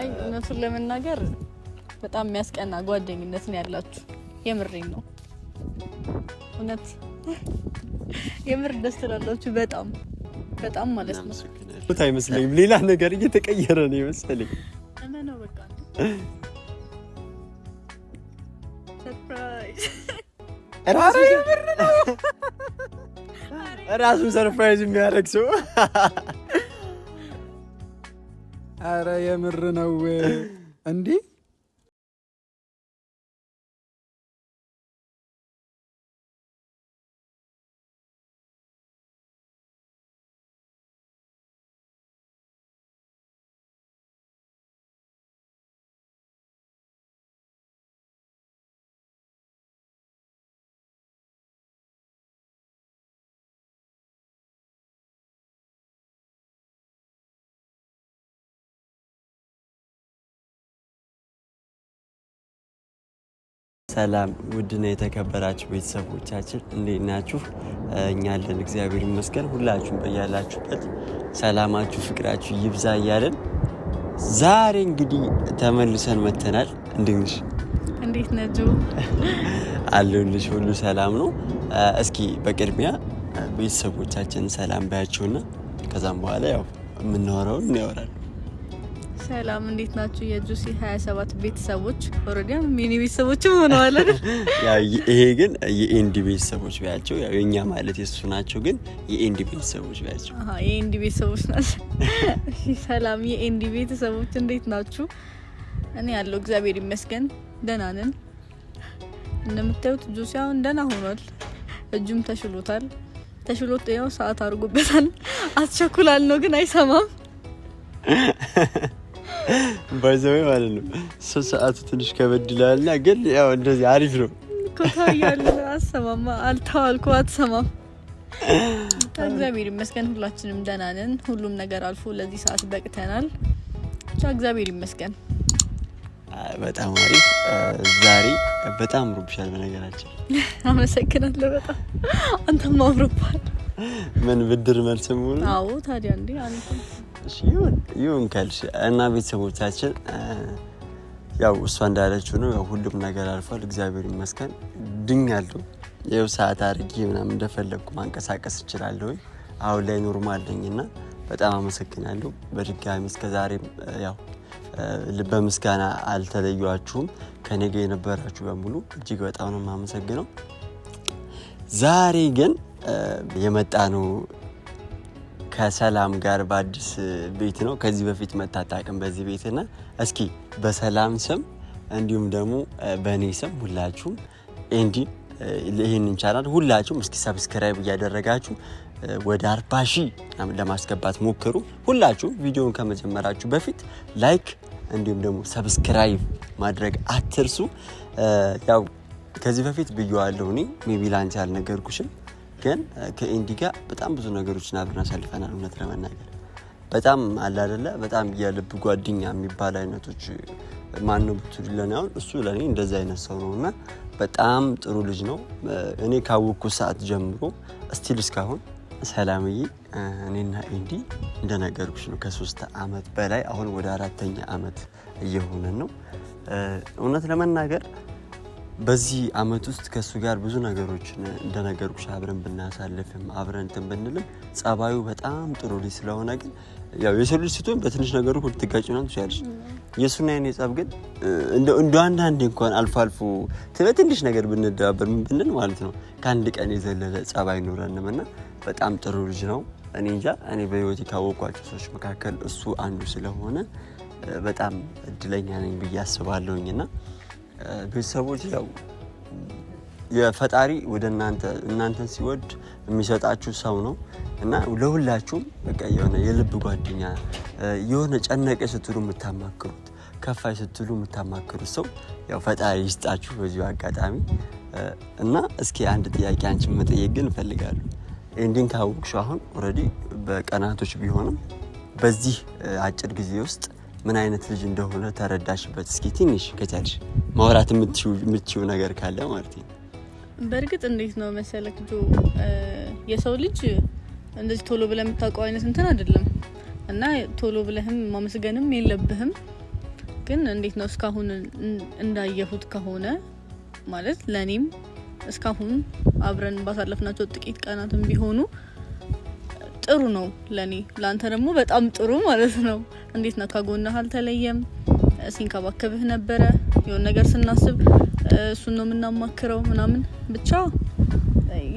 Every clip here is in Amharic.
አይ እውነቱን ለመናገር በጣም የሚያስቀና ጓደኝነት ነው ያላችሁ። የምሬን ነው። እውነት የምር ደስ ትላላችሁ። በጣም በጣም ማለት ነው። ቦታ አይመስለኝም። ሌላ ነገር እየተቀየረ ነው የመሰለኝ። ራሱ ሰርፕራይዝ የሚያደርግ ሰው አረ የምር ነው እንዲህ ሰላም ውድና የተከበራችሁ ቤተሰቦቻችን እንዴት ናችሁ? እኛ አለን እግዚአብሔር ይመስገን። ሁላችሁም በያላችሁበት ሰላማችሁ፣ ፍቅራችሁ ይብዛ እያለን ዛሬ እንግዲህ ተመልሰን መተናል። እንዴት ነሽ? እንዴት ነጁ? አለሁልሽ። ሁሉ ሰላም ነው። እስኪ በቅድሚያ ቤተሰቦቻችን ሰላም ባያቸውና ከዛም በኋላ ያው የምናወራውን እናወራለን። ሰላም እንዴት ናችሁ? የጁሲ 27 ቤተሰቦች ኦሮዲያ ሚኒ ቤተሰቦችም ሆነዋል ይሄ ግን የኤንዲ ቤተሰቦች ቢያቸው ያው የኛ ማለት የሱ ናቸው፣ ግን የኤንዲ ቤተሰቦች ቢያቸው አሃ የኤንዲ ቤተሰቦች ናቸው። ሰላም የኤንዲ ቤተሰቦች እንዴት ናችሁ? እኔ ያለው እግዚአብሔር ይመስገን ደህና ነን። እንደምታዩት ጁሲ አሁን ደህና ሆኗል፣ እጁም ተሽሎታል። ተሽሎት ያው ሰዓት አድርጎበታል። አስቸኩላል ነው ግን አይሰማም። ባይዘዌ ማለት ነው። ሰው ሰዓቱ ትንሽ ከበድ ይላልና ግን ያው እንደዚህ አሪፍ ነው አሰማማ አልተዋልኩ አትሰማም። እግዚአብሔር ይመስገን ሁላችንም ደህና ነን። ሁሉም ነገር አልፎ ለዚህ ሰዓት በቅተናል። ብቻ እግዚአብሔር ይመስገን። በጣም አሪፍ። ዛሬ በጣም አምሮብሻል። በነገራችን አመሰግናለሁ። በጣም አንተም አምሮብሃል። ምን ብድር መልስ ሙሉ። አዎ ታዲያ እንዴ አንተ ይሁን ካልሽ እና ቤተሰቦቻችን ያው እሷ እንዳለችው ነው። ሁሉም ነገር አልፏል፣ እግዚአብሔር ይመስገን። ድኛለሁ። ይው ሰዓት አድርጌ ምናም እንደፈለግኩ ማንቀሳቀስ እችላለሁ። አሁን ላይ ኖርማል እና በጣም አመሰግናለሁ በድጋሚ እስከዛሬም ያው በምስጋና አልተለዩችሁም ከኔ ጋ የነበራችሁ በሙሉ እጅግ በጣም ነው የማመሰግነው። ዛሬ ግን የመጣ ነው ከሰላም ጋር በአዲስ ቤት ነው። ከዚህ በፊት መታጣቅም በዚህ ቤት ና እስኪ በሰላም ስም እንዲሁም ደግሞ በእኔ ስም ሁላችሁም ኤንዲ ይህንን ቻናል ሁላችሁም እስኪ ሰብስክራይብ እያደረጋችሁ ወደ አርባ ሺህ ለማስገባት ሞክሩ። ሁላችሁም ቪዲዮውን ከመጀመራችሁ በፊት ላይክ እንዲሁም ደግሞ ሰብስክራይብ ማድረግ አትርሱ። ያው ከዚህ በፊት ብየዋለሁ እኔ ሜቢ ላንቺ አልነገርኩሽም ግን ከኤንዲ ጋር በጣም ብዙ ነገሮች አብረን አሳልፈናል። እውነት ለመናገር በጣም አለ አይደለ በጣም የልብ ጓደኛ የሚባል አይነቶች ማነው ብትሉ ለእኔ እሱ ለእኔ እንደዚ አይነት ሰው ነው እና በጣም ጥሩ ልጅ ነው። እኔ ካወቅኩ ሰዓት ጀምሮ ስቲል እስካሁን ሰላምዬ እኔና ኢንዲ እንደነገርኩሽ ነው ከሶስት አመት በላይ አሁን ወደ አራተኛ አመት እየሆነን ነው እውነት ለመናገር በዚህ አመት ውስጥ ከእሱ ጋር ብዙ ነገሮችን እንደነገርኩሽ አብረን ብናሳልፍም አብረን እንትን ብንልም ጸባዩ በጣም ጥሩ ልጅ ስለሆነ ግን ያው የሰው ልጅ ስትሆን በትንሽ ነገሩ ልትጋጭ ና ትችላለች። የእሱና የኔ ጸብ ግን እንደ አንዳንዴ እንኳን አልፎ አልፎ በትንሽ ነገር ብንደባበር ብንል ማለት ነው ከአንድ ቀን የዘለለ ጸብ አይኖረንም እና በጣም ጥሩ ልጅ ነው። እኔ እንጃ እኔ በህይወት ካወቅኳቸው ሰዎች መካከል እሱ አንዱ ስለሆነ በጣም እድለኛ ነኝ ብዬ አስባለሁኝ እና ቤተሰቦች ያው የፈጣሪ ወደ እናንተ እናንተን ሲወድ የሚሰጣችሁ ሰው ነው እና ለሁላችሁም በቃ የሆነ የልብ ጓደኛ የሆነ ጨነቀ ስትሉ የምታማክሩት ከፋይ ስትሉ የምታማክሩት ሰው ያው ፈጣሪ ይስጣችሁ በዚሁ አጋጣሚ እና እስኪ አንድ ጥያቄ አንቺ መጠየቅ ግን እፈልጋለሁ። ኤንዲን ካወቅሽ አሁን ኦልሬዲ በቀናቶች ቢሆንም በዚህ አጭር ጊዜ ውስጥ ምን አይነት ልጅ እንደሆነ ተረዳሽበት? እስኪ ትንሽ ከቻልሽ ማውራት የምትችው ነገር ካለ ማለት ነው። በእርግጥ እንዴት ነው መሰለክ ጆ፣ የሰው ልጅ እንደዚህ ቶሎ ብለህ የምታውቀው አይነት እንትን አይደለም እና ቶሎ ብለህም ማመስገንም የለብህም። ግን እንዴት ነው እስካሁን እንዳየሁት ከሆነ ማለት ለእኔም እስካሁን አብረን ባሳለፍናቸው ጥቂት ቀናትም ቢሆኑ ጥሩ ነው ለኔ፣ ለአንተ ደግሞ በጣም ጥሩ ማለት ነው። እንዴት ነው? ከጎንህ አልተለየም፣ ሲንከባከብህ ነበረ። የሆን ነገር ስናስብ እሱን ነው የምናማክረው ምናምን። ብቻ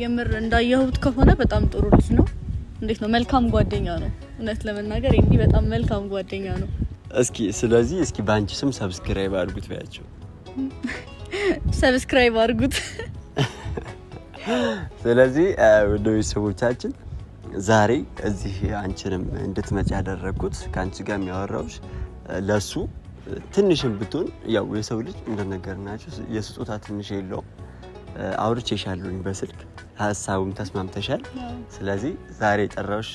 የምር እንዳየሁት ከሆነ በጣም ጥሩ ልጅ ነው። እንዴት ነው? መልካም ጓደኛ ነው። እውነት ለመናገር እንዲህ በጣም መልካም ጓደኛ ነው። እስኪ ስለዚህ እስኪ በአንቺ ስም ሰብስክራይብ አድርጉት በያቸው። ሰብስክራይብ አድርጉት። ስለዚህ ውድ ቤተሰቦቻችን ዛሬ እዚህ አንቺንም እንድትመጪ ያደረግኩት ከአንቺ ጋር የሚያወራውሽ ለሱ ትንሽም ብትሆን ያው የሰው ልጅ ናቸው የስጦታ ትንሽ የለውም። አውርቼሻለሁኝ በስልክ ሀሳቡም ተስማምተሻል። ስለዚህ ዛሬ የጠራሁሽ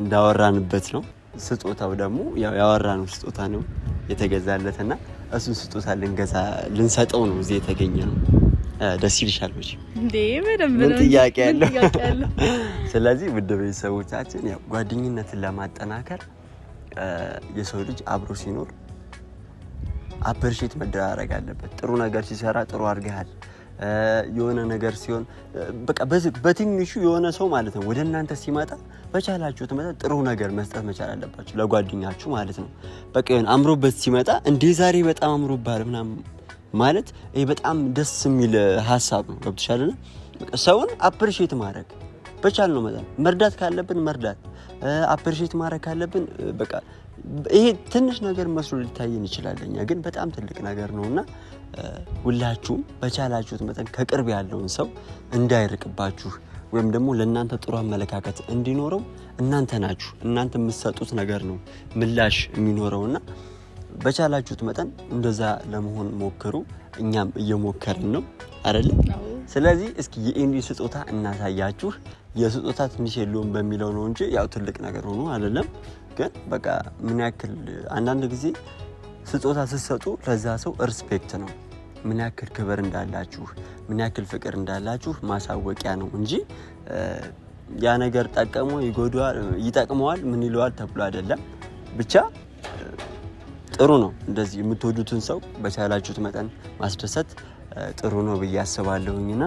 እንዳወራንበት ነው። ስጦታው ደግሞ ያወራነው ስጦታ ነው እና እሱን ስጦታ ልንገዛ ልንሰጠው ነው እዚህ የተገኘ ነው። ደስ ይልሻል መቼ እንዴ? በደንብ ምን ጥያቄ ያለው። ስለዚህ ውድ ቤተሰቦቻችን ጓደኝነትን ለማጠናከር የሰው ልጅ አብሮ ሲኖር አፕሪሼት መደራረግ አለበት። ጥሩ ነገር ሲሰራ ጥሩ አድርገሃል የሆነ ነገር ሲሆን በቃ በትንሹ የሆነ ሰው ማለት ነው ወደ እናንተ ሲመጣ በቻላችሁት መጠን ጥሩ ነገር መስጠት መቻል አለባችሁ፣ ለጓደኛችሁ ማለት ነው። በቃ የሆነ አምሮበት ሲመጣ እንዴ ዛሬ በጣም አምሮባል ምናምን ማለት ይሄ በጣም ደስ የሚል ሀሳብ ነው። ገብቶሻል? ሰውን አፕሪሼት ማድረግ በቻል ነው መጠን መርዳት ካለብን መርዳት፣ አፕሪሼት ማድረግ ካለብን በቃ ይሄ ትንሽ ነገር መስሎ ሊታየን ይችላል፣ እኛ ግን በጣም ትልቅ ነገር ነው እና ሁላችሁም በቻላችሁት መጠን ከቅርብ ያለውን ሰው እንዳይርቅባችሁ ወይም ደግሞ ለእናንተ ጥሩ አመለካከት እንዲኖረው እናንተ ናችሁ። እናንተ የምትሰጡት ነገር ነው ምላሽ የሚኖረውና በቻላችሁት መጠን እንደዛ ለመሆን ሞክሩ። እኛም እየሞከርን ነው አይደለ? ስለዚህ እስኪ የኤንዲ ስጦታ እናሳያችሁ። የስጦታ ትንሽ የለውም በሚለው ነው እንጂ ያው ትልቅ ነገር ሆኖ አይደለም። ግን በቃ ምን ያክል አንዳንድ ጊዜ ስጦታ ስትሰጡ ለዛ ሰው ሪስፔክት ነው ምን ያክል ክብር እንዳላችሁ ምን ያክል ፍቅር እንዳላችሁ ማሳወቂያ ነው እንጂ ያ ነገር ጠቀሞ ይጎዳዋል፣ ይጠቅመዋል፣ ምን ይለዋል ተብሎ አይደለም ብቻ ጥሩ ነው። እንደዚህ የምትወዱትን ሰው በቻላችሁት መጠን ማስደሰት ጥሩ ነው ብዬ አስባለሁኝና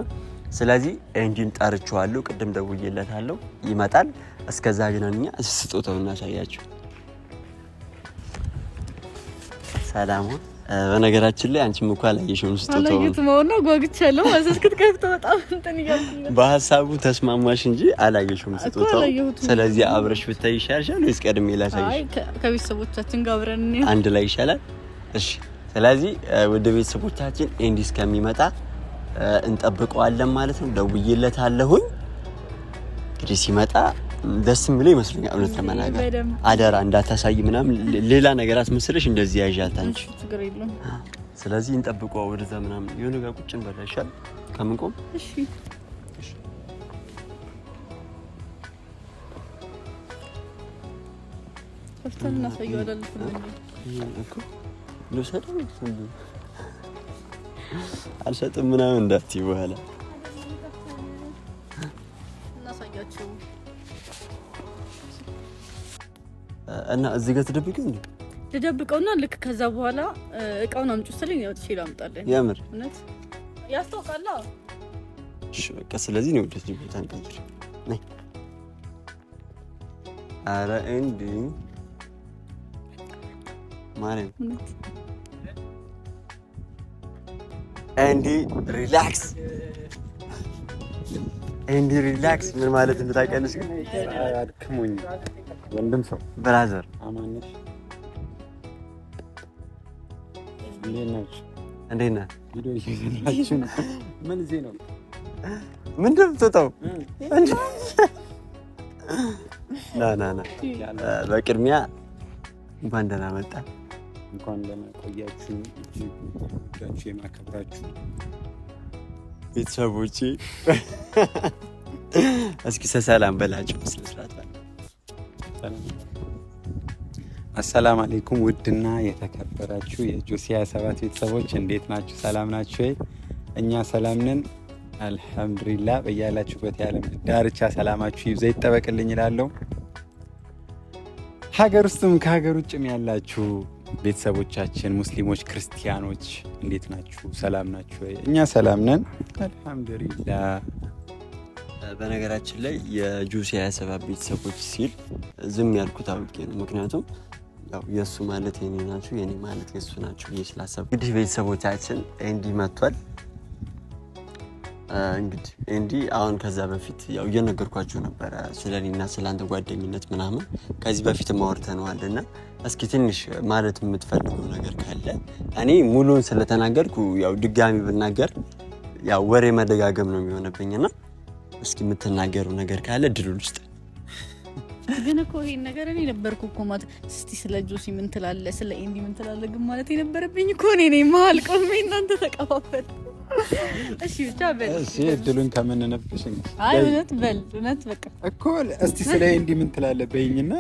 ስለዚህ እንዲን ጠርችኋለሁ። ቅድም ደውዬለታለሁ፣ ይመጣል። እስከዛ ግን እኛ ስጦታው እናሳያችሁ። ሰላሙን በነገራችን ላይ አንቺም እኮ አላየሽም። ስጦታውን መሆን ማሰስክት ከፍቶ በጣም እንትን በሀሳቡ ተስማማሽ እንጂ አላየሽም ስጦታው። ስለዚህ አብረሽ ብታይ ይሻልሻል ወይስ ቀድሜ ላሳይሽ? ከቤተሰቦቻችን ጋር አብረን አንድ ላይ ይሻላል። እሺ። ስለዚህ ወደ ቤተሰቦቻችን ኤንዲ እስከሚመጣ እንጠብቀዋለን ማለት ነው። ደውዬለታለሁኝ እንግዲህ ሲመጣ ደስ የሚለው ይመስለኛል። እውነት ለመናገር አደራ እንዳታሳይ ምናምን ሌላ ነገር አስመስለሽ እንደዚህ ያዣት አንቺ። ስለዚህ እንጠብቆ ወደዛ ምናምን የሆነ ጋር ቁጭ እንበላ ይሻል ከምንቆም። እሺ አልሰጥም ምናምን እንዳትዪ በኋላ እና እዚህ ጋር ትደብቂ እንዴ? ልደብቀውና ልክ ከዛ በኋላ እቃውን አምጪው ስለኝ ያው ትችላ አምጣለኝ። የምር እውነት ያስታውቃል። እሺ በቃ ስለዚህ ነው ደስ ይበታ እንቀጥል። ነይ አረ እንዲ ማረን እንዲ ሪላክስ እንዲ ሪላክስ ምን ማለት እንደታውቂያለሽ? ግን አድክሞኝ ወንድም ሰው ብራዘር አማነሽ እንዴት ነህ? ምን ዜ ነው ምንድን ነው ና ና ና፣ በቅድሚያ እንኳን ደህና መጣ። እንኳን ደህና ቆያችሁ። እጅግ የማከብራችሁ ቤተሰቦች እስኪ ሰላም በላቸው። አሰላም አሌይኩም ውድና የተከበራችሁ የጆሲያ ሰባት ቤተሰቦች እንዴት ናችሁ? ሰላም ናችሁ እኛ ሰላም ነን አልሐምዱሊላ። በያላችሁበት የዓለም ዳርቻ ሰላማችሁ ይብዛ ይጠበቅልኝ ይላለሁ። ሀገር ውስጥም ከሀገር ውጭም ያላችሁ ቤተሰቦቻችን ሙስሊሞች፣ ክርስቲያኖች እንዴት ናችሁ? ሰላም ናችሁ? እኛ ሰላም ነን አልሐምዱሊላ። በነገራችን ላይ የጁስ የሀያሰባት ቤተሰቦች ሲል ዝም ያልኩት አውቄ ነው። ምክንያቱም ያው የእሱ ማለት የኔ ናቸው የኔ ማለት የእሱ ናቸው ብዬ ስላሰብ እንግዲህ ቤተሰቦቻችን እንዲህ መጥቷል። እንግዲህ እንዲ አሁን ከዛ በፊት ያው ነበረ ስለኔና ስለአንተ ጓደኝነት ምናምን ከዚህ በፊት ማወርተነዋል እና እስኪ ትንሽ ማለት የምትፈልገው ነገር ካለ እኔ ሙሉን ስለተናገርኩ ያው ድጋሚ ብናገር ያው ወሬ መደጋገም ነው የሚሆነብኝና እስኪ የምትናገረው ነገር ካለ ድሉል ውስጥ ግን እኮ ይሄን ነገር እኔ ነበርኩ እኮ ማለት እስቲ ስለ ጆሲ ምን ትላለህ፣ ስለ ኤንዲ ምን ትላለህ? ግን ማለት የነበረብኝ እኮ እኔ ነኝ። መሀል ቆሜ እናንተ ተቀፋፈል እሺ ብቻ በል እሺ፣ እድሉን ከምንነፍቅሽ አይ እውነት በል እውነት በቃ እኮ እስቲ ስለ ኢንዲ ምን ትላለህ በይኝና፣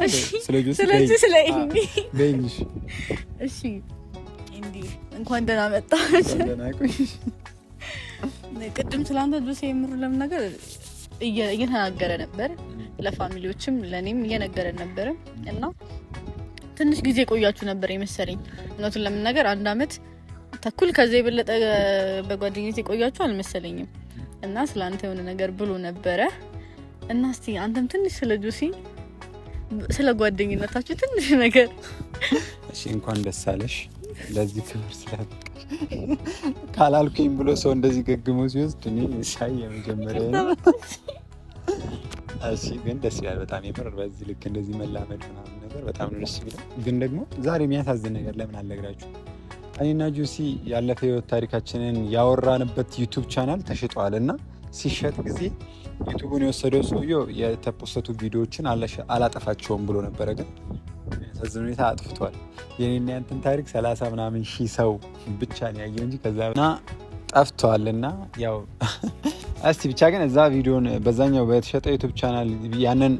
ስለዚህ ስለ ኢንዲ በይኝሽ። እሺ ኢንዲ እንኳን ደህና መጣሽ። ቆይሽ። ቅድም ስለአንተ ዱሴ የምሩ ለምን ነገር እየተናገረ ነበር፣ ለፋሚሊዎችም ለእኔም እየነገረን ነበር እና ትንሽ ጊዜ ቆያችሁ ነበር የመሰለኝ እውነቱን ለምን ነገር አንድ አመት ተኩል ከዚ የበለጠ በጓደኝነት የቆያችሁ አልመሰለኝም። እና ስለ አንተ የሆነ ነገር ብሎ ነበረ እና እስቲ አንተም ትንሽ ስለ ጆሲ ስለ ጓደኝነታችሁ ትንሽ ነገር። እሺ እንኳን ደስ አለሽ ለዚህ ክብር ስላት ካላልኩኝ ብሎ ሰው እንደዚህ ገግሞ ሲወስድ እኔ ሳይ የመጀመሪያ እሺ ግን ደስ ይላል በጣም የምር በዚህ ልክ እንደዚህ መላመድ ምናምን ነገር በጣም ደስ ይላል። ግን ደግሞ ዛሬ የሚያሳዝን ነገር ለምን አልነግራችሁ እኔና ጁሲ ያለፈ ህይወት ታሪካችንን ያወራንበት ዩቱብ ቻናል ተሽጧል እና ሲሸጥ ጊዜ ዩቱቡን የወሰደው ሰውዬው የተፖሰቱ ቪዲዮዎችን አላጠፋቸውም ብሎ ነበረ፣ ግን ያሳዝን ሁኔታ አጥፍቷል። የኔና ያንተን ታሪክ ሰላሳ ምናምን ሺህ ሰው ብቻ ነው ያየው እንጂ ከዛ ና ጠፍቷል እና ያው እስቲ ብቻ ግን እዛ ቪዲዮን በዛኛው በተሸጠ ዩቱብ ቻናል ያንን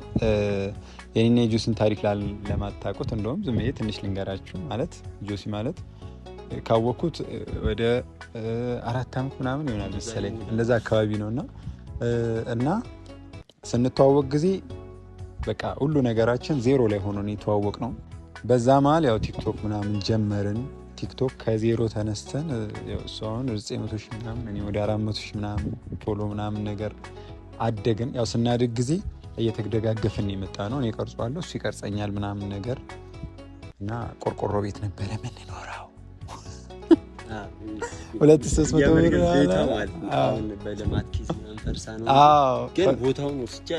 የኔና የጆሲን ታሪክ ላል ለማታውቁት እንደውም ዝም ትንሽ ልንገራችሁ። ማለት ጆሲ ማለት ካወቅኩት ወደ አራት ዓመት ምናምን ይሆናል መሰለኝ እንደዛ አካባቢ ነው እና እና ስንተዋወቅ ጊዜ በቃ ሁሉ ነገራችን ዜሮ ላይ ሆኖ የተዋወቅ ነው። በዛ መሀል ያው ቲክቶክ ምናምን ጀመርን። ቲክቶክ ከዜሮ ተነስተን እሱ አሁን ዘጠኝ መቶ ሺህ ምናምን እኔ ወደ አራት መቶ ሺህ ምናምን ፎሎ ምናምን ነገር አደግን። ያው ስናድግ ጊዜ እየተደጋገፍን የመጣ ነው። እኔ ቀርጿለሁ፣ እሱ ይቀርጸኛል ምናምን ነገር እና ቆርቆሮ ቤት ነበረ ምንኖረው ሁለት ሶስት መቶ ብር ማለት ግን ቦታውን ወስጄ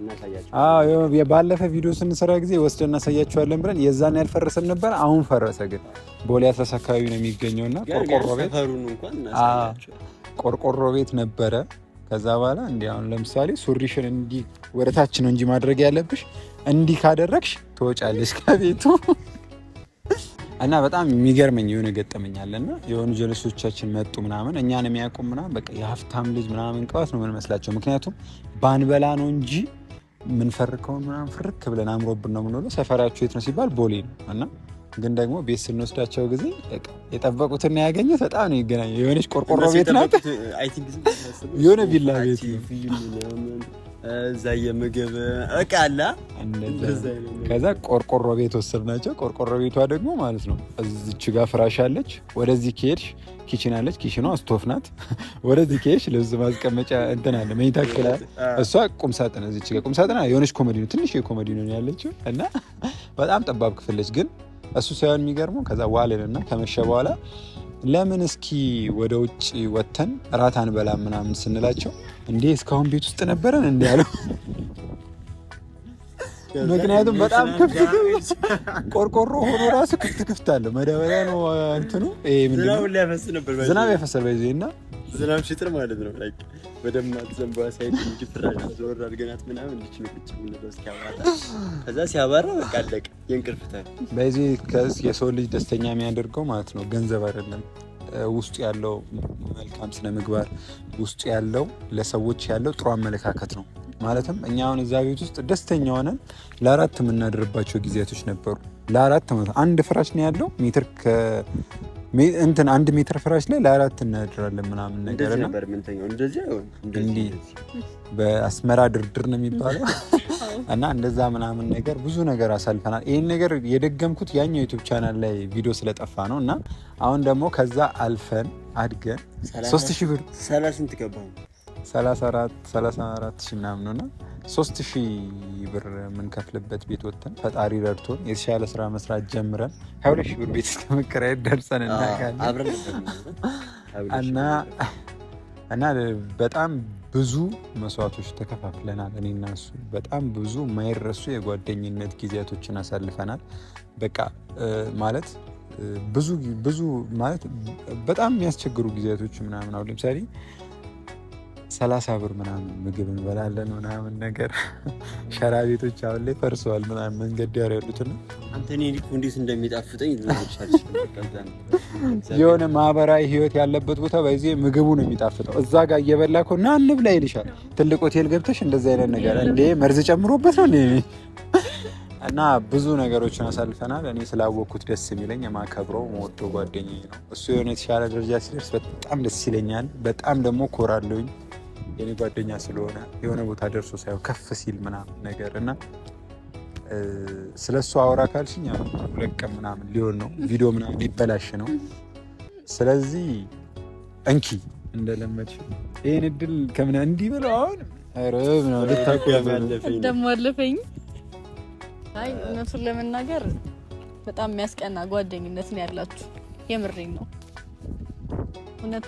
እናሳያቸዋለን። ቪዲዮ ስንሰራ ጊዜ ወስደን እናሳያቸዋለን ብለን የዛን ያልፈረሰን ነበር። አሁን ፈረሰ። ግን ቦሌ አትረስ አካባቢ ነው የሚገኘው የሚገኘውና ቆርቆሮ ቤት ቆርቆሮ ቤት ነበረ። ከዛ በኋላ እንዲ አሁን ለምሳሌ ሱሪሽን እንዲህ ወደታች ነው እንጂ ማድረግ ያለብሽ እንዲህ ካደረግሽ ትወጫለሽ ከቤቱ እና በጣም የሚገርመኝ የሆነ ገጠመኝ አለና የሆኑ ጀለሶቻችን መጡ ምናምን እኛን የሚያውቁ ምናምን በቃ የሀብታም ልጅ ምናምን ቀዋት ነው የምንመስላቸው። ምክንያቱም ባንበላ ነው እንጂ የምንፈርከውን ምናምን ፍርክ ብለን አምሮብን ነው የምንውለው። ሰፈራቸው የት ነው ሲባል ቦሌ ነው እና ግን ደግሞ ቤት ስንወስዳቸው ጊዜ የጠበቁትና ያገኙት በጣም ነው ይገናኘ የሆነች ቆርቆሮ ቤት ናት፣ የሆነ ቪላ ቤት ነው እዛ የምግብ እቃ አለ። ከዛ ቆርቆሮ ቤት ወሰድናቸው። ቆርቆሮ ቤቷ ደግሞ ማለት ነው እዚች ጋር ፍራሽ አለች። ወደዚህ ከሄድሽ ኪችን አለች። ኪችኗ ስቶፍ ናት። ወደዚህ ከሄድሽ ልብስ ማስቀመጫ እንትን አለ፣ መኝታ ክፍል እሷ ቁምሳጥን እዚች ጋር ቁምሳጥን የሆነች ኮመዲ ነው፣ ትንሽ የኮመዲ ነው ያለችው እና በጣም ጠባብ ክፍለች። ግን እሱ ሳይሆን የሚገርመው ከዛ ዋልን እና ከመሸ በኋላ ለምን እስኪ ወደ ውጭ ወጥተን ራት አንበላ ምናምን ስንላቸው እንዴ እስካሁን ቤት ውስጥ ነበረን እንዲ ያለው። ምክንያቱም በጣም ክፍት ክፍት ቆርቆሮ ሆኖ ራሱ ክፍት ክፍት አለ። መደበሪያ ነው እንትኑ ዝናብ ያፈሰል በዚ እና ዝናብ ሽጥር ማለት ነው። በደማት ዘንባ ሳይድ እንጂ ፍራሽ ዞር አድርገናት ምናምን እንዲች ንቅጭ ምንለው እስኪያባራ ከዛ ሲያባራ በቃ አለቀ። የእንቅልፍታል በዚህ የሰው ልጅ ደስተኛ የሚያደርገው ማለት ነው ገንዘብ አይደለም። ውስጡ ያለው መልካም ስነ ምግባር ውስጡ ያለው ለሰዎች ያለው ጥሩ አመለካከት ነው። ማለትም እኛ አሁን እዛ ቤት ውስጥ ደስተኛ ሆነን ለአራት የምናድርባቸው ጊዜያቶች ነበሩ። ለአራት ማለት አንድ ፍራሽ ነው ያለው ሜትር እንትን አንድ ሜትር ፍራሽ ላይ ለአራት እናድራለን ምናምን ነገር ነው። በአስመራ ድርድር ነው የሚባለው እና እንደዛ ምናምን ነገር ብዙ ነገር አሳልፈናል። ይህን ነገር የደገምኩት ያኛው ዩቱብ ቻናል ላይ ቪዲዮ ስለጠፋ ነው። እና አሁን ደግሞ ከዛ አልፈን አድገን ሶስት ሺህ ብር ሰላሳ አራት ሺህ ምናምን ነው እና ሶስት ሺህ ብር የምንከፍልበት ቤት ወጥተን ፈጣሪ ረድቶን የተሻለ ስራ መስራት ጀምረን ሀያ ሁለት ሺህ ብር ቤት እስከመከራየት ደርሰን እናቃለን እና እና በጣም ብዙ መስዋዕቶች ተከፋፍለናል። እኔና እሱ በጣም ብዙ ማይረሱ የጓደኝነት ጊዜያቶችን አሳልፈናል። በቃ ማለት ብዙ ብዙ ማለት በጣም የሚያስቸግሩ ጊዜያቶች ምናምን አሁን ለምሳሌ ሰላሳ ብር ምናምን ምግብ እንበላለን ምናምን ነገር ሸራ ቤቶች አሁን ላይ ፈርሰዋል ምናምን መንገድ ዳር ያሉት እና አንተ እንዴት እንደሚጣፍጠኝ የሆነ ማህበራዊ ህይወት ያለበት ቦታ በዚህ ምግቡ ነው የሚጣፍጠው። እዛ ጋር እየበላ እኮ ና እንብላ ይልሻል። ትልቅ ሆቴል ገብተሽ እንደዚ አይነት ነገር እንዴ መርዝ ጨምሮበት ነው እና ብዙ ነገሮችን አሳልፈናል። እኔ ስላወቅኩት ደስ የሚለኝ የማከብረው መወዶ ጓደኛዬ ነው። እሱ የሆነ የተሻለ ደረጃ ሲደርስ በጣም ደስ ይለኛል። በጣም ደግሞ ኮራለኝ። የኔ ጓደኛ ስለሆነ የሆነ ቦታ ደርሶ ሳይሆን ከፍ ሲል ምናምን ነገር እና ስለ እሱ አወራ ካልሽኝ ሁለት ቀን ምናምን ሊሆን ነው፣ ቪዲዮ ምናምን ሊበላሽ ነው። ስለዚህ እንኪ እንደለመድሽ ይህን እድል ከምን እንዲህ ብለው አሁን ደሞ አለፈኝ። አይ እውነቱን ለመናገር በጣም የሚያስቀና ጓደኝነት ነው ያላችሁ። የምሬን ነው እውነት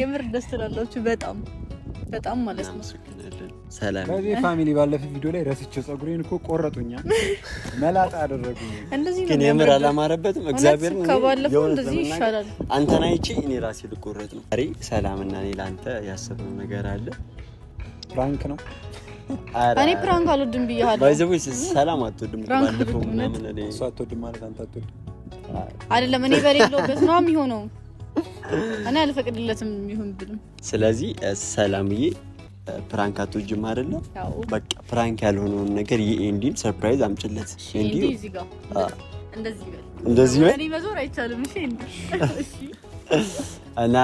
የምር ደስ ትላላችሁ። በጣም በጣም ማለት ነው። ሰላም ከዚህ ፋሚሊ ባለፈ ቪዲዮ ላይ ረስቼ ጸጉሬን እኮ ቆረጡኛ መላጣ አደረጉ። እንደዚህ ግን የምር አላማረበትም። እግዚአብሔር ከባለፈው እንደዚህ ይሻላል። አንተን አይቼ እኔ ራሴ ልቆረጥ ነው። ዛሬ ሰላም እና እኔ ለአንተ ያሰብነው ነገር አለ። ፕራንክ ነው። እኔ ፕራንክ አልወድም ብያለሁ። ባይዘዌ ሰላም አትወድም ባለፈው ምናምን እሷ አትወድም ማለት አንተ አትወድም አይደለም። እኔ በሌለበት ነው የሚሆነው እኔ አልፈቅድለትም ይሁን ብልም። ስለዚህ ሰላምዬ ፕራንክ አትወጂም አይደለ? በቃ ፕራንክ ያልሆነውን ነገር የኤንዲን ሰርፕራይዝ አምጭለት። ኤንዲ እንደዚህ በል እና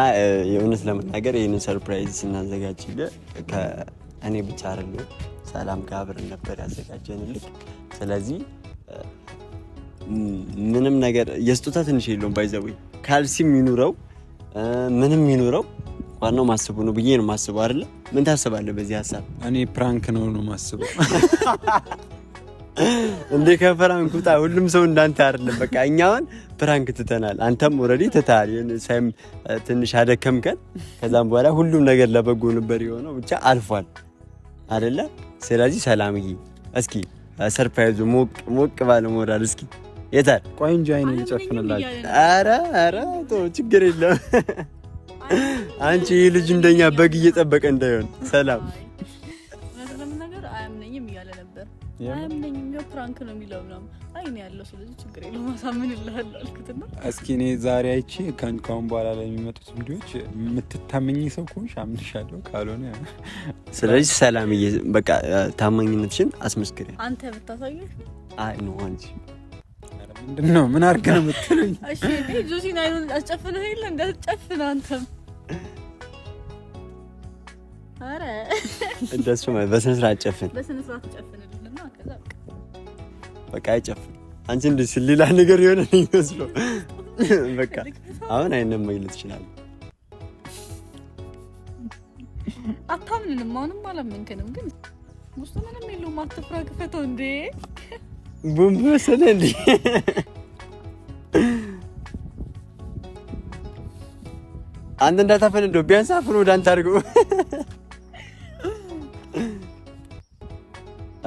የእውነት ለመናገር ይህንን ሰርፕራይዝ ስናዘጋጅ ከእኔ ብቻ አይደለም ሰላም ጋር አብረን ነበር ያዘጋጀንልክ። ስለዚህ ምንም ነገር የስጦታ ትንሽ የለውም። ባይዘዌ ካልሲም ይኑረው ምንም ይኑረው ዋናው ማስቡ ነው ብዬ ነው ማስቡ አይደለ ምን ታስባለህ በዚህ ሀሳብ? እኔ ፕራንክ ነው ነው ማስቡ እንዴ ከፕራንክ ውጣ። ሁሉም ሰው እንዳንተ አይደለም። በቃ እኛውን ፕራንክ ትተናል። አንተም ኦልሬዲ ትተሃል። ሳይም ትንሽ አደከምከን። ከዛም በኋላ ሁሉም ነገር ለበጎ ነበር የሆነው። ብቻ አልፏል አይደለ። ስለዚህ ሰላምዬ፣ እስኪ ሰርፕራይዙ ሞቅ ሞቅ ባለ ሞራል እስኪ የታል? ቆይ እንጂ አይኔ ልጨፍንላችሁ። ኧረ ኧረ ተው፣ ችግር የለም አንቺ። ይህ ልጅ እንደኛ በግ እየጠበቀ እንዳይሆን። ሰላም እስኪ እኔ ዛሬ አይቺ ከአሁን በኋላ ላይ የሚመጡት ቪዲዮዎች የምትታመኝ ሰው ከሆንሽ አምንሻለሁ፣ ካልሆነ ስለዚህ ሰላም በቃ ታማኝነትሽን አስመስክሪ። አንተ ብታሳዩ አይ ነው አንቺ ምንድነው? ምን አድርገህ ነው የምትለኝ? እሺ ጆሲን አይኑን አስጨፍነህ የለ እንዳትጨፍን አንተም። እንደሱ በስነ ስርዓት ጨፍን፣ በቃ አይጨፍን። አንቺ እንደዚህ ሌላ ነገር የሆነ ነው በቃ አሁን አይነም መግለጽ ይችላል። አታምንንም። አሁንም አላመንከንም፣ ግን ውስጡ ምንም የለውም። አትፍራ፣ ክፈተው እንዴ በመሰለ እንዴ አንተ እንዳታፈን እንደው ቢያንስ አፍን ወደ አንተ አድርገው።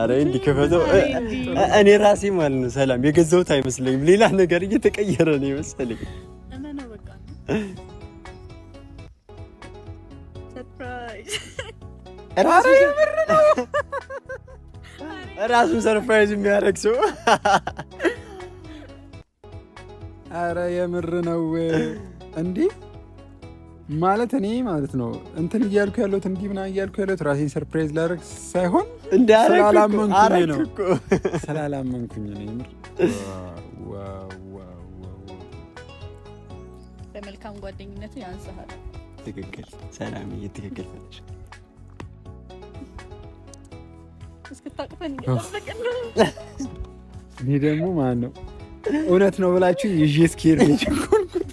አረ እንዲከፈተው እኔ ራሴ ማለት ነው ሰላም የገዛሁት አይመስለኝም። ሌላ ነገር እየተቀየረ ነው የመሰለኝ። ሰርፕራይዝ ራሱን ሰርፕራይዝ የሚያደርግ ሰው። አረ የምር ነው እንዲህ ማለት እኔ ማለት ነው እንትን እያልኩ ያለሁት እንዲህ ምናምን እያልኩ ያለሁት ራሴን ሰርፕራይዝ ላደርግ ሳይሆን ስላላመንኩኝ ነው ስላላመንኩኝ ነው። የምር በመልካም ጓደኝነቱ ያንስሃል። ትክክል ሰላምዬ፣ ትክክል እንድታቅፈን እየጠበቅን ነው። ደግሞ ማን ነው እውነት ነው ብላችሁ ይዤ እስኪሄድ ነው የቸኮልኩት።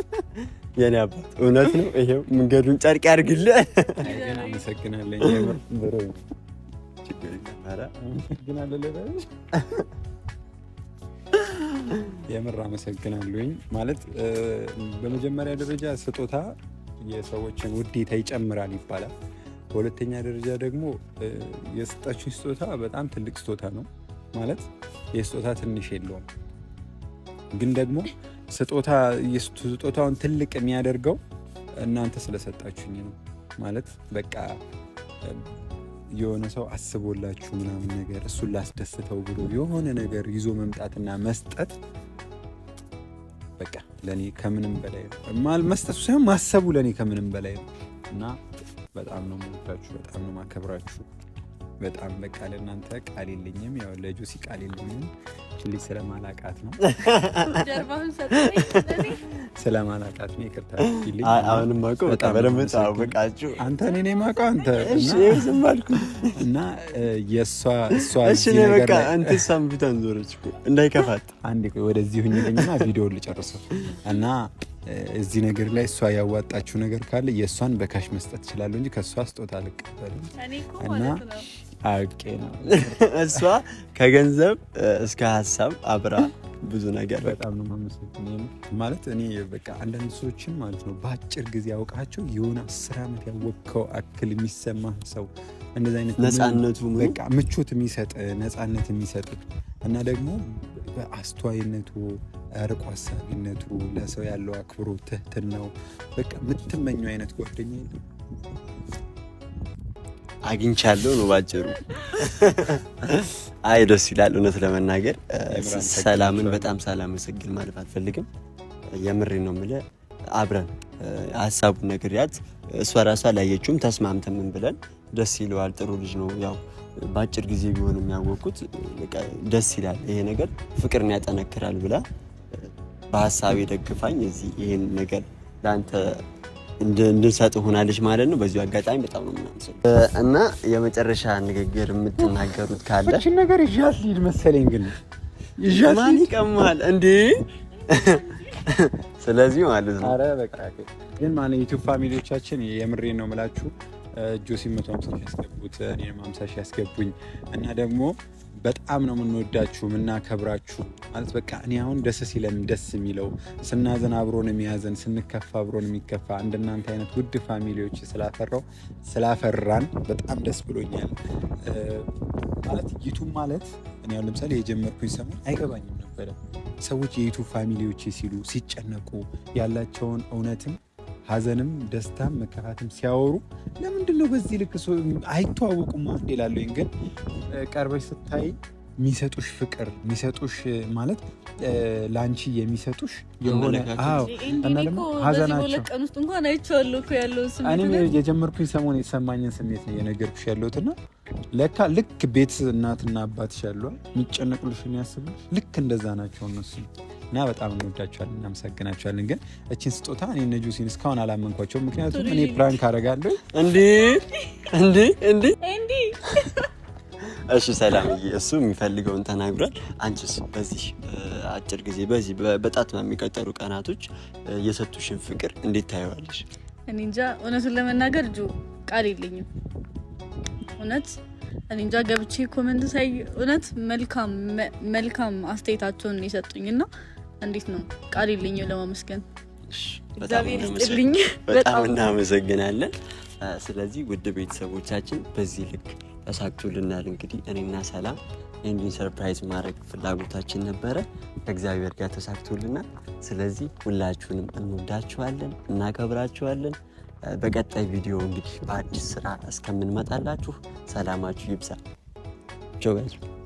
የኔ አባት እውነት ነው። ይሄው መንገዱን ጨርቅ ያድርግልህ። አመሰግናለኝ። የምር አመሰግናለሁኝ። ማለት በመጀመሪያ ደረጃ ስጦታ የሰዎችን ውዴታ ይጨምራል ይባላል። በሁለተኛ ደረጃ ደግሞ የሰጣችሁኝ ስጦታ በጣም ትልቅ ስጦታ ነው። ማለት የስጦታ ትንሽ የለውም፣ ግን ደግሞ ስጦታ ስጦታውን ትልቅ የሚያደርገው እናንተ ስለሰጣችሁኝ ነው። ማለት በቃ የሆነ ሰው አስቦላችሁ ምናምን ነገር እሱን ላስደስተው ብሎ የሆነ ነገር ይዞ መምጣትና መስጠት በቃ ለእኔ ከምንም በላይ ነው። መስጠቱ ሳይሆን ማሰቡ ለእኔ ከምንም በላይ ነው እና በጣም ነው የምወዳችሁ፣ በጣም ነው ማከብራችሁ። በጣም በቃ ለእናንተ ቃል የለኝም። ያው ለጆሲ ቃል የለኝም ልጅ ስለማላቃት ነው ስለማላቃት ነው። ይቅርታ ልጅ አሁንም አውቀው በጣም በደንብ ጣበቃችሁ አንተ እኔ ነው የማውቀው አንተ እና የእሷ እሷ እሺ ነው በቃ አንተ ሳምቢታን ዞረች እንዳይከፋት አንዴ ወደዚህ ሁኝልኝና ቪዲዮ ልጨርሰው እና እዚህ ነገር ላይ እሷ ያዋጣችው ነገር ካለ የእሷን በካሽ መስጠት እችላለሁ እንጂ ከእሷ ስጦታ አልቀበልም እና አውቄ ነው። እሷ ከገንዘብ እስከ ሀሳብ አብራ ብዙ ነገር በጣም ነው የማመሰግነው። ማለት እኔ በቃ አንዳንድ ሰዎችን ማለት ነው በአጭር ጊዜ ያውቃቸው የሆነ አስር ዓመት ያወቅከው አክል የሚሰማ ሰው እንደዚህ አይነት ነፃነቱ በቃ ምቾት የሚሰጥ ነፃነት የሚሰጥ እና ደግሞ በአስተዋይነቱ ርቆ ሀሳቢነቱ ለሰው ያለው አክብሮት ትህትናው በቃ የምትመኘው አይነት ጓደኛ የለም። አግኝቻለሁ ነው ባጭሩ። አይ ደስ ይላል። እውነት ለመናገር ሰላምን በጣም ሳላመሰግን ማለፍ አልፈልግም። የምሬ ነው የምልህ። አብረን ሀሳቡን ነግሪያት፣ እሷ ራሷ ላየችውም ተስማምተምን ብለን ደስ ይለዋል። ጥሩ ልጅ ነው ያው በአጭር ጊዜ ቢሆን የሚያወቁት ደስ ይላል፣ ይሄ ነገር ፍቅርን ያጠነክራል ብላ በሀሳብ የደግፋኝ እዚህ ይሄን ነገር ለአንተ እንድንሰጥ ሆናለች ማለት ነው። በዚሁ አጋጣሚ በጣም ነው ምናምስ እና የመጨረሻ ንግግር የምትናገሩት ካለ ነገር ይዣት ልሂድ መሰለኝ፣ ግን ማን ይቀማል እንዴ? ስለዚህ ማለት ነው ግን ማለት ዩቱብ ፋሚሊዎቻችን የምሬን ነው የምላችሁ ጆሲ መቶ ያስገቡት እኔ ሀምሳ ያስገቡኝ እና ደግሞ በጣም ነው የምንወዳችሁ የምናከብራችሁ። ማለት በቃ እኔ አሁን ደስ ሲለን ደስ የሚለው ስናዘን አብሮን የሚያዘን ስንከፋ አብሮን የሚከፋ እንደናንተ አይነት ውድ ፋሚሊዎች ስላፈራው ስላፈራን በጣም ደስ ብሎኛል። ማለት ዩቱብ ማለት እኔ አሁን ለምሳሌ የጀመርኩኝ ሰሞን አይገባኝም ነበረ ሰዎች የዩቱብ ፋሚሊዎች ሲሉ ሲጨነቁ ያላቸውን እውነትም ሀዘንም ደስታም መከፋትም ሲያወሩ ለምንድን ነው በዚህ ልክ አይተዋወቁም አንድ ይላሉኝ ግን ቀርበሽ ስታይ የሚሰጡሽ ፍቅር የሚሰጡሽ ማለት ለአንቺ የሚሰጡሽ የሆነ እና ሀዘናቸው የጀመርኩኝ ሰሞን የተሰማኝን ስሜት ነው የነገርኩሽ ያለሁት እና ለካ ልክ ቤት እናትና አባትሽ ያሉ የሚጨነቁልሽ የሚያስቡልሽ ልክ እንደዛ ናቸው እነሱ እና በጣም እንወዳቸዋለን እናመሰግናቸዋለን። ግን እችን ስጦታ እኔ እነ ጁሲን እስካሁን አላመንኳቸው። ምክንያቱም እኔ ፕራንክ አደርጋለሁ እንዲህ እንዲህ እንዲህ እሺ ሰላምዬ፣ እሱ የሚፈልገውን ተናግሯል። አንቺስ በዚህ አጭር ጊዜ በዚህ በጣት በሚቀጠሩ ቀናቶች የሰጡሽን ፍቅር እንዴት ታየዋለሽ? እኔ እንጃ እውነቱን ለመናገር እጁ ቃል የለኝም። እውነት እኔ እንጃ ገብቼ ኮመንት ሳይ እውነት መልካም መልካም አስተያየታቸውን የሰጡኝ እና እንዴት ነው ቃል የለኝም ለማመስገን። በጣም እናመሰግናለን። ስለዚህ ውድ ቤተሰቦቻችን በዚህ ልክ ተሳክቶልናል። እንግዲህ እኔና ሰላም ኤንጂን ሰርፕራይዝ ማድረግ ፍላጎታችን ነበረ፣ ከእግዚአብሔር ጋር ተሳክቶልናል። ስለዚህ ሁላችሁንም እንወዳችኋለን፣ እናከብራችኋለን። በቀጣይ ቪዲዮ እንግዲህ በአዲስ ስራ እስከምንመጣላችሁ ሰላማችሁ ይብዛ። ጆጋችሁ